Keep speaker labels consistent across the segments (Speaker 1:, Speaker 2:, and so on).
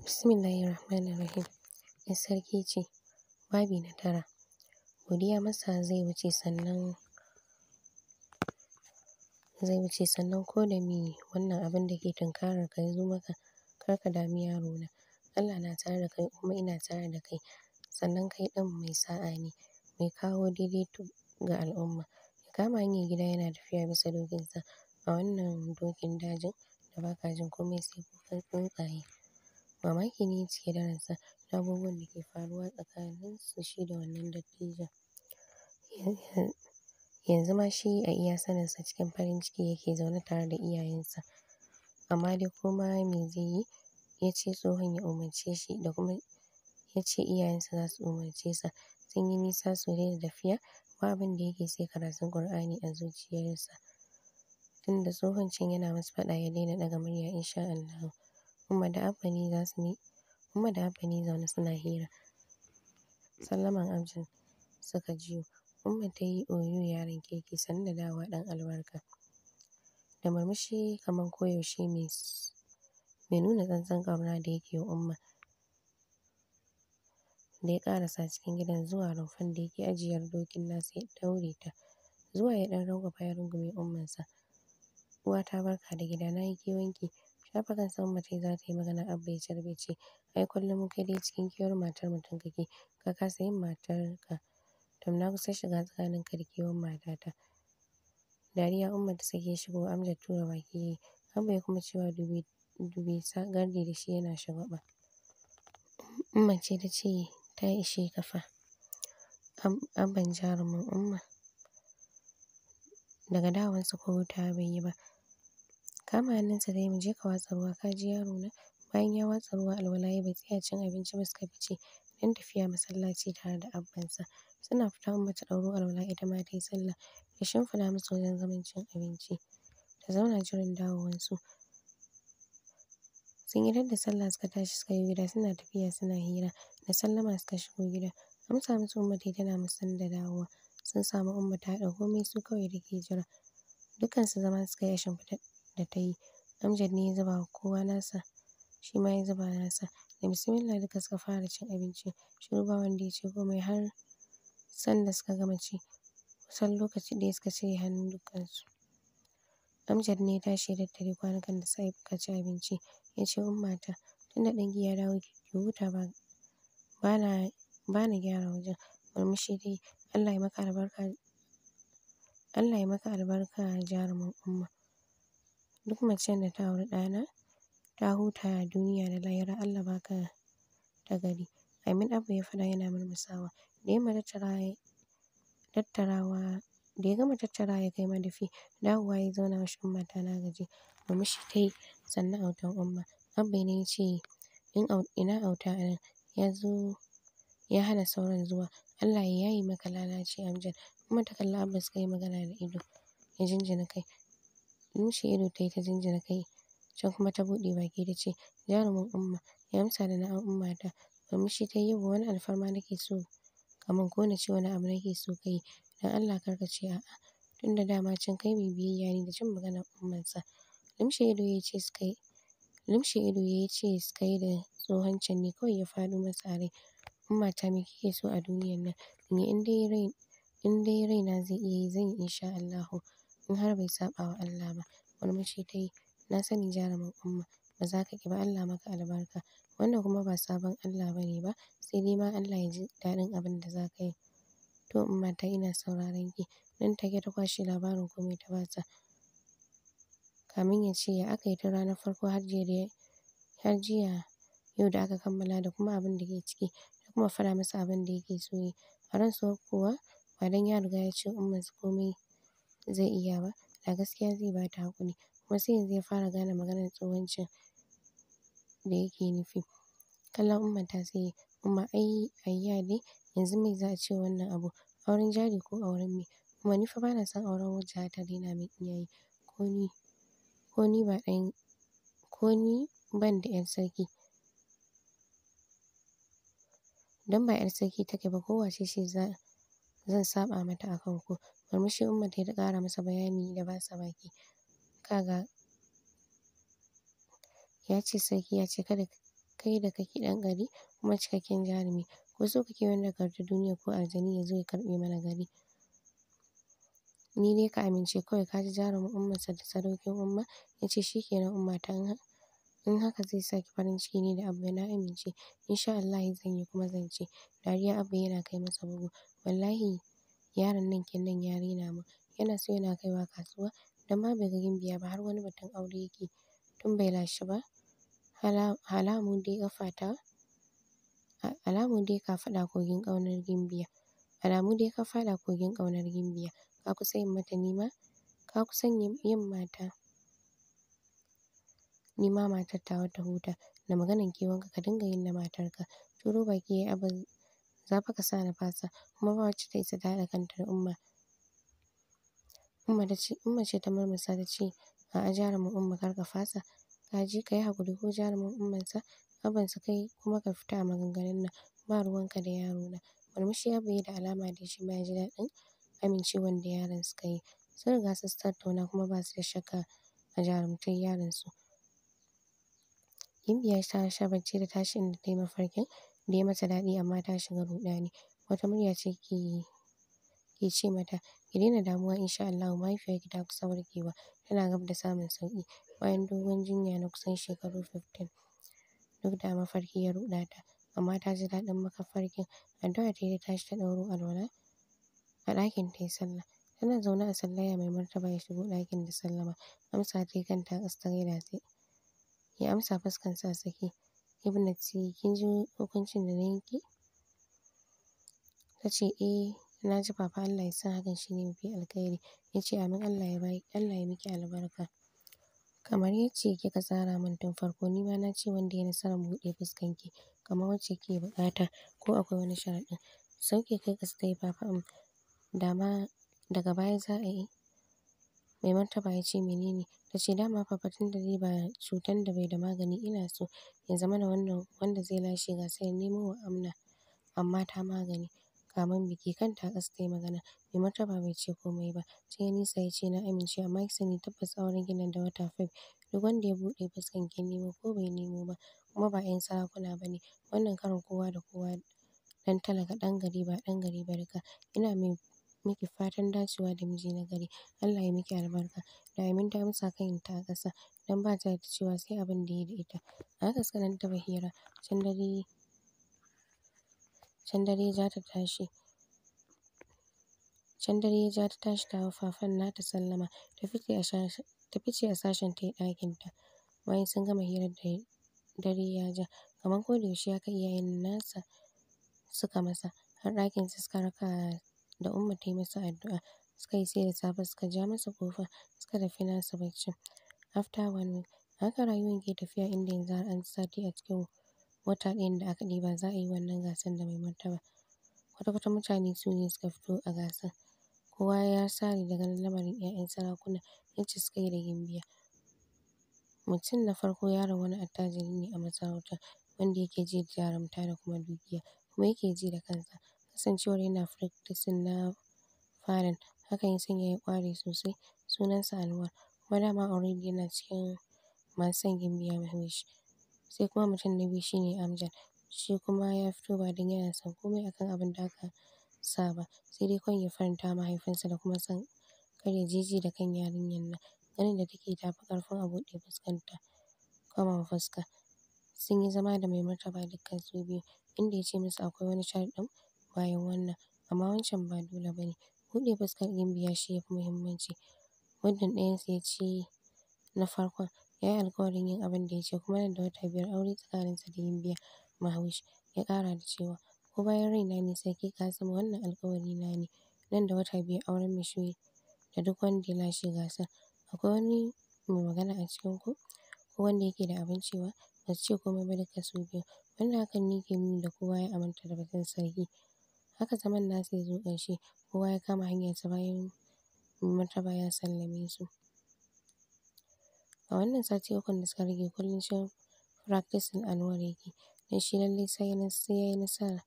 Speaker 1: Bismillahirrahmanirrahim. In sarki ce, babi na tara. Godiya masa zai wuce sannan zai wuce sannan ko da me wannan abin da ke tunkarar ka ya zo maka kar ka dami yaro na. Allah na tare da kai kuma ina tare da kai. Sannan kai ɗin mai sa'a ne, mai kawo daidaito ga al'umma. Ya kama hanyar gida yana tafiya bisa dokinsa a wannan dokin dajin da ba ka jin komai sai kukan tsuntsaye. Mamaki ne cike da ransa na abubuwan da ke faruwa tsakaninsu shi da wannan dattijo Yanzu ma shi a iya saninsa cikin farin ciki yake zaune tare da iyayensa. Amma dai koma me zai yi, ya ce tsohon ya umarce shi da kuma ya ce iyayensa za su umarce sa. Sun yi nisa sosai da tafiya, ba abin da yake sai karatun ƙur'ani a zuciyarsa. Tun da tsohon can yana masu faɗa ya daina ɗaga murya in sha Allahu. Umma da Abba ne za su ne da zaune suna hira. Sallaman Amjad suka jiyo. Umma ta yi oyo yaron keke, sannu da dawowa ɗan albarka. Da murmushi kamar koyaushe mai mai nuna tsantsan ƙauna da yake wa Umma. Da ya ƙarasa cikin gidan zuwa rumfan da yake ajiyar dokin nasa ya daure ta. Zuwa ya ɗan rarrafa ya rungume Ummansa. Uwata barka da gida na yi wanki. shafa kan Salma tayi za ta yi magana Abba ya carbe ce, "Ai kullum kai dai cikin kewar matar mutum kake, ka kasa yin matarka. Tom na kusa shiga tsakaninka da kewar matata." Dariya Umma ta sake shigo Amjad tura baki yayi, Abba ya kuma cewa dube dube sa gardi da shi yana shagwaɓa. Umma ce ta ce ta ishe ka Abban jarumin Umma. Daga dawowarsa ko bai yi ba, Kama hannunsa tayi muje ka watsa ruwa ka ji yaro na. Bayan ya watsa ruwa alwala bai tsaya cin abinci ba suka fice don tafiya masallaci tare da abbansa. Suna fita Umma ta ɗauro alwala ita ma sallah ya shimfiɗa musu wajen zaman cin abinci. Ta zauna jiran dawowansu. Sun yi da sallah suka tashi suka yi gida suna tafiya suna hira. Da sallama suka shigo gida. Amsa musu Umma tayi tana musu da dawowa. Sun samu Umma ta haɗa komai su kawai ke jira. dukansu zama suka yi a shimfiɗar da ta yi. Amjad ne ya zuba wa kowa nasa, shi ma ya zuba nasa. Da bismillah duka suka fara cin abinci. Shiru ba wanda ya ce komai har da suka gama ci. Kusan lokaci ɗaya suka cire hannun dukansu Amjad ne ya tashi ya tattare kwanukan da Sa'id suka ci abinci. Ya ce ummata tun da dangi ya dawo ki huta ba bana bana gyara wajen. Murmushi ta yi. Allah ya maka albarka Allah ya maka albarka jarumin Umma. Duk macen da ta auri ɗana ta huta duniya da lahira Allah ba ka ta gari. Amin abu ya faɗa yana murmusawa. Da ya gama tattarawa, da ya gama tattarawa ya kai madafi, dawowa ya zauna washe Umma mata na gaji. Murmushi ta yi sannan autan Umma. Abba ne ya ce ina auta nan? ya zo ya hana sauran zuwa. Allah ya yaye maka lalaci amjan Kuma ta kalla Abba suka yi magana da ido. Ya jinjina kai. Lumshe ido ta yi ta jinjina kai, can kuma ta buɗe baki ta ce, Jarumin Umma, ya amsa da na'am Ummata. Murmushi ta yi, wa wani alfarma nake so kamar ko na ce wani abu nake so ka yi, don Allah kar ka ce a'a, tun da dama can kai mai biyayya ne da jin maganar Ummansa. Lumshe ido ya ce suka yi ido ya ce suka yi da tsohon can ne kawai ya faɗo masa a Umma ta me kike so a duniyan nan? Ni in dai rai in dai raina zai iya yi zan yi Allahu. in har bai saɓa wa Allah ba. Murmushi ta yi. Na sani jarumin Umma ba za ka ƙi ba Allah maka albarka. Wannan kuma ba sabon Allah ba ne ba sai dai ma Allah ya ji daɗin abin da za ka yi. To Umma ta ina sauraron ki. Nan take ta kwashe labarin komai ta ba ta Kamin ya ce ya aka yi ta ranar farko har jiya har jiya yau da aka kammala da kuma abin da ke ciki da kuma faɗa masa abin da yake so yi. A ran kuwa ba don ya riga ya ce umma komai zai iya ba, da gaskiya zai bata hakuri haƙuri. Kuma sai yanzu ya fara gane maganar tsowancin da yake nufi. Kallon Umma ta sai yi, Umma ai ayya dai yanzu mai za a ce wannan abu? Auren jari ko auren me? Kuma ni fa ba na son auren wacce za ta daina min iyaye. Ko ni, ko ni ba ɗan, ko ni ban da 'yar sarki. dan ba 'yar sarki take ba ko wace ce za, zan saɓa mata a kan ku. Murmushi Umma ta yi ta ƙara masa bayani da ba sa baki. Kaga ya ce sarki ya ce kada kai da kake ɗan gari kuma cikakken jarumi ko so kake wanda gardi duniya ko aljani ya zo ya karbe mana gari. Ni dai ka amince kawai ka ji jarumin ummarsa da sadaukin umma ya ce shi kenan umma ta in haka zai sa ki farin ciki ne da abu na amince insha Allah zan yi kuma zan ce dariya abu yana kai masa bugu wallahi yaron nan kenan ya raina mun yana so yana kaiwa kasuwa dan ma bai ga gimbiya ba har wani batun aure yake tun bai lashe ba alamu dai ƙafata alamun dai ka faɗa kogin ƙaunar gimbiya alamu dai ka fada kogin kaunar gimbiya ka kusa yin mata nima ka kusan yin mata nima matar tawa ta huta da maganan kewanka ka dinga yin na matarka turo baki yayi abin za fa ka sa na fasa kuma ba wacce ta isa ta haɗa kanta da Umma. Umma ta ce Umma ce ta murmusa ta ce a'a jarumin Umma kar ka fasa ka ji ka yi haƙuri ko jarumin Ummansa abansa kai kuma ka fita a maganganun nan ba ruwanka da yaro na. Murmushi ya bayyana da alama da shi ma ya ji daɗin amincewan da yaron suka yi. Sun riga sun tattauna kuma ba su da shakka a jarumtar yaron su. Gimbiya ta sha bacci da tashi inda ta yi mafarkin da ya mata daɗi amma ta shiga ruɗani. Wata murya ce ke ke ce mata, "Ki daina damuwa in sha Allahu mahaifiyarki ta kusa warkewa, tana gab da samun sauki Bayan dogon jinya na kusan shekaru fiftin duk da mafarki ya ruɗata. amma ta ji daɗin makafarkin Addu'a ta yi ta tashi ta ɗauro alwala a ɗakin ta yi sallah. Tana zaune a sallaya mai martaba ya shigo ɗakin da sallama. Amsa ta yi kanta a ya amsa fuskarsa a sake. ce kin ji hukuncin da na yanke? Ta ce eh na ji Papa Allah ya sa hakan shine mafi alkhairi. Ya ce amin Allah ya bai Allah ya miki albarka. Kamar yacce kika tsara min tun farko ni ma na ce wanda ya nasarar buɗe fuskan ki kamar wacce ke buƙata ko akwai wani sharaɗin. Sauke kai ka tayi Papa am um, dama daga baya za a yi. Mai martaba ya ce menene Ta ce dama Papa tun da zai ba cutan da bai da magani ina so ya zama zamana wannan wanda zai lashe gasar ya nemo wa Amna amma ta magani. kamar biki kanta a ƙasa ta yi magana. Mai martaba bai ce komai ba. sai ya nisa ya ce na amince amma ki sani tabbas auren gina da wata fif. Duk wanda ya buɗe fuskan ki nemo ko bai nemo ba kuma ba 'yan sarakuna ba ne. Wannan karin kowa da kowa dan talaka ɗan gari ba ɗan gari barka Ina mai miki fatan dacewa da miji na gari. Allah ya miki albarka. Na'amin ta amsa kan ta ƙasa don ba ta da cewa sai abin da ya da ita. A haka suka nan ta bahira Can dare can dare za ta tashi. Can dare ya ja ta tashi ta hau fafan nata sallama ta fice a sashen ta fice a sashen ta ɗakin ta. Bayan sun gama hirar da dare ya ja kamar ko da yaushe haka iyayen nasa suka masa har ɗakin sa suka raka da Umma ta yi masa addu'a. Suka yi sai da safe suka ja masa kofa suka tafi nasu barcin. After one week, haka rayuwar ke tafiya inda yanzu har an sati a cikin wata ɗayan da aka ɗiba za a yi wannan gasar da mai martaba. wata kwata mutane sune suka fito a gasar. Kowa ya sare daga lamarin 'ya'yan sarakuna yacce suka yi da gimbiya. Mutum na farko yaron wani attajiri ne a masarautar wanda yake ji da jarumta da kuma dukiya kuma yake ji da kansa. kasancewar yana practicing na farin hakan ya sanya ya kware sosai. Sunansa Anwar kuma dama already yana cikin masu son gimbiya mahimmanci. Sai kuma mutum na biyu shine Amjad shi kuma ya fito ba don yana son komai akan abin da aka sa ba sai dai kawai ya faranta mahaifinsa da kuma san kar ya jiji da kan yarinyar nan. Ganin da take ta fi ƙarfin a buɗe fuskanta kwaman fuska. Sun yi zama da mai martaba su biyu inda ya ce musu akwai wani ɗin. bayan wannan amma wancan ba dole bane ne. Buɗe fuskar gimbiya shi ya fi muhimmanci. Muddin ɗayansu ya ce na farkon yayi yi alkawarin yin abin da ya ce kuma nan da wata biyar aure tsakaninsa da gimbiya Mahawish ya ƙara da cewa ko bayan raina ne Sarki Kasim wannan alkawari na ne nan da wata biyar auren Meshoyi da duk wanda ya lashe gasar. Akwai wani mai magana a cikinku ko wanda yake da abin cewa ba su ce komai ba duka su biyun wanda hakan ne ke nuni da kowa ya aminta da batun sarki. Haka zaman nasu ya zo ƙarshe, kowa ya kama hanyar sa bayan martaba ya sallame su. A wannan sati ukun da suka rage kullum shi practicing annual yake, don shi lallai sai ya yi nasara.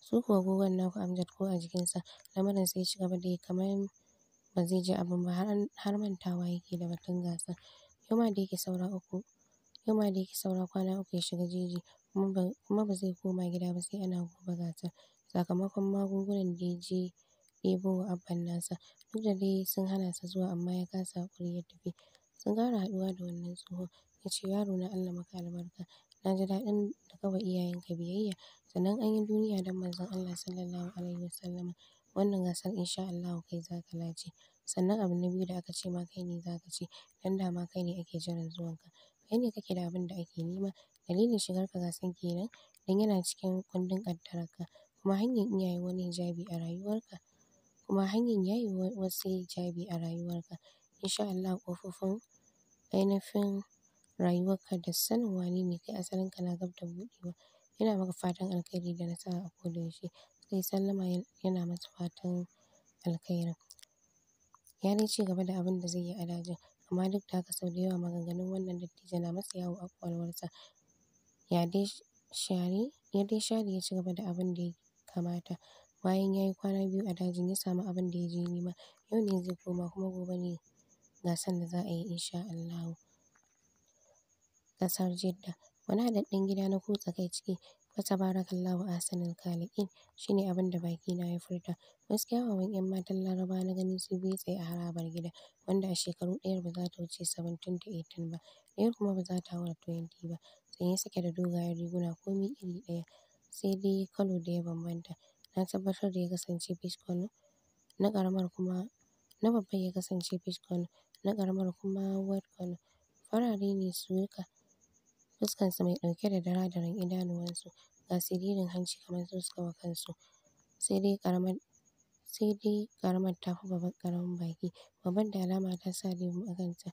Speaker 1: Su kuwa gogon naku Amjad ko a jikinsa, lamarin sai shi ci gaba da ya kamar ba zai ji abin ba har mantawa yake da batun gasar. Yau ma da yake saura uku, yau ma da yake saura kwana uku ya shiga jeji, kuma ba zai koma gida ba sai ana gobe gasar sakamakon magungunan da ya je ɗebo wa abban nasa. Duk da dai sun hana sa zuwa amma ya kasa haƙuri ya tafi. Sun ƙara haɗuwa da wannan tsohon ya ce yaro na Allah maka albarka. Na ji daɗin da ka wa iyayenka biyayya. Sannan an yi duniya don Manzon Allah Sallallahu Alaihi sallam, Wannan gasar in sha Allahu kai za ka lace. Sannan abu na biyu da aka ce ma kai ne za ka ci. Dan dama kai ne ake jiran zuwanka. Kai ne kake da abin da ake nema. Dalilin shigar shigarka gasan kenan dan yana cikin kundin kaddararka kuma hanyar iya yin wani hijabi a rayuwarka kuma hanyar yaye wasu hijabi a rayuwarka. In Allah ƙofofin ainafin rayuwarka da sanin wane ne kai ka na gab da buɗewa. Ina maka fatan alkhairi da nasara a ko yaushe. Sai sallama yana masa fatan alkhairi. Ya dai ci gaba da abin da zai yi a dajin amma duk da haka sau da yawa maganganun wannan dattijo na masa yawo a ƙwaƙwalwarsa. Ya dai share, ya dai share ya ci gaba da abin da ya kamata. Bayan ya yi kwana biyu a dajin ya samu abin da ya je nema. Yau ne zai koma kuma gobe ne gasan da za a yi in sha Allahu. Ƙasar Jedda. Wani haɗaɗɗen gida na kutsa kai ciki Fatabarakallahu ahsanul khaliqin shine abin da bakina ya furta. Gaskiya Hauwan 'yan matan laraba na gani su yi tsaye a harabar gida, wanda a shekaru ɗayar ba za ta wuce 17-18 ba, ɗayar kuma ba za ta haura 20 ba. Sanye suke da dogayen riguna kome iri ɗaya, sai dai kalo da ya bambanta. Na tabbatar da ya kasance peach na ƙaramar kuma na ya kasance peach color, na ƙaramar kuma white Farare ne su ka. su mai ɗauke da daradaran idanuwan idanuwansu ga siririn hanci kamar sun suka wa kansu, sai dai ƙaramar sai dai ƙaramar ta fi babban ƙaramin baki, Babban da alama ta sa lemu a kanta.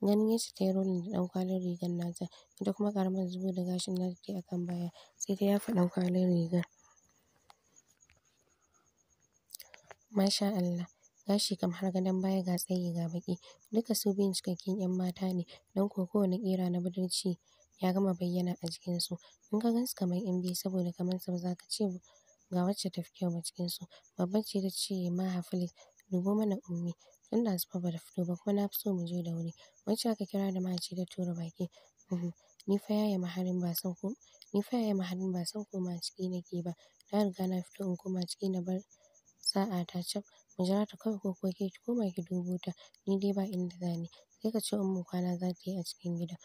Speaker 1: Ganin yadda ta yi rolling da ɗankwalin rigar nata, ita kuma ƙaramar zubo da gashin nata ta akan a kan baya, sai ta yafa ɗankwalin rigar. Masha Allah! gashi kamar har gadon baya ga tsaye ga baki Duka su biyun cikakken 'yan mata ne don ko kowane kera na budurci ya gama bayyana a jikinsu. In ka gansu kamar 'yan biyu saboda kamar sau za ka ce ga wacce ta fi kyau ba cikinsu. babban ce ta ce ma Hafilat, dubo mana Ummi, tun da su ba da fito ba kuma na fi so mu je da wuri. Wacce aka kira da mace da tura baki, ni fa yaya maharin ba san ko, ni fa yaya maharin ba san koma ciki nake ba. Na riga na fito in koma ciki na bar sa'a ta can. mu jira ta kawai ko kuwa ke ki koma ki dubo ta ni dai ba inda zane sai ka ce mu kwana za ta yi a cikin gida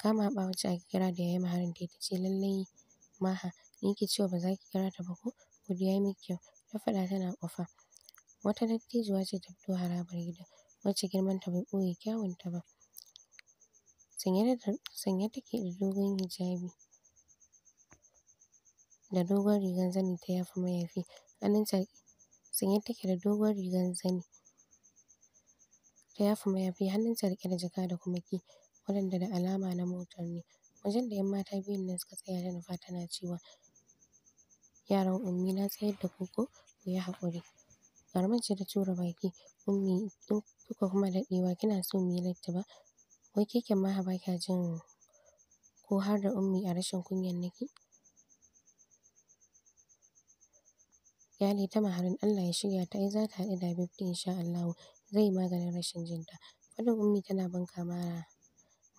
Speaker 1: kama haɓa wacce ake kira da yi maharin tayi ta ce lallai maha ni ke cewa ba za ki kira ta ba ko ku dai yayi kyau ta faɗa tana ƙofa wata dattijuwa ce ta fito harabar gidan wacce girmanta bai ɓoye kyawunta ba sanye take da dogon hijabi da dogon rigar zani ta yafi mayafi hannunta sanye take da dogon rigan zani da yafi mayafi hannunta rike da jaka da kuma ki waɗanda da alama na motar ne wajen da 'yan mata biyun nan suka tsaya da nufa tana cewa yaran ummi na tsayar da koko. ko ku yi haƙuri Garman ce ta tura baki ummi in kuka kuma daɗewa kina so mu yi latti ba wai keken ma ba kya jin ko har da ummi a rashin kunyan nake Iyali ta maharin Allah ya shirya ta yi za ta haɗu da Habibti in sha Allahu, zai yi maganin rashin jinta. Faɗin Ummi tana banka ma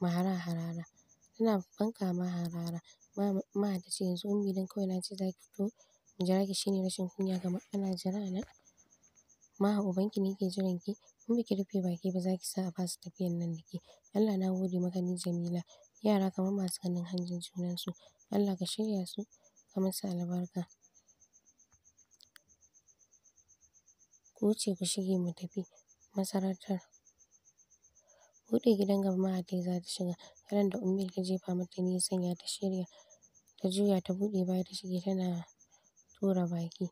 Speaker 1: Mahara harara. Tana banka ma Maha ta ce yanzu Ummi don kawai na ce za ki fito in jira ki shine rashin kunya ga ana jira na. Maha ubanki ne ke jiran ki. In ba ki rufe baki ba za ki sa a fasa tafiyan nan da ke. Allah na gode maka ni Jamila. Yara kamar masu ganin hanjin junansu. Allah ka shirya su ka musu albarka. Ku wuce ku shige mu tafi masarautar. Buɗe gidan gaba dai za ta shiga, karan da Ummi ta jefa mata nisan ya ta shirya ta juya ta buɗe baya ta shige tana tura baki.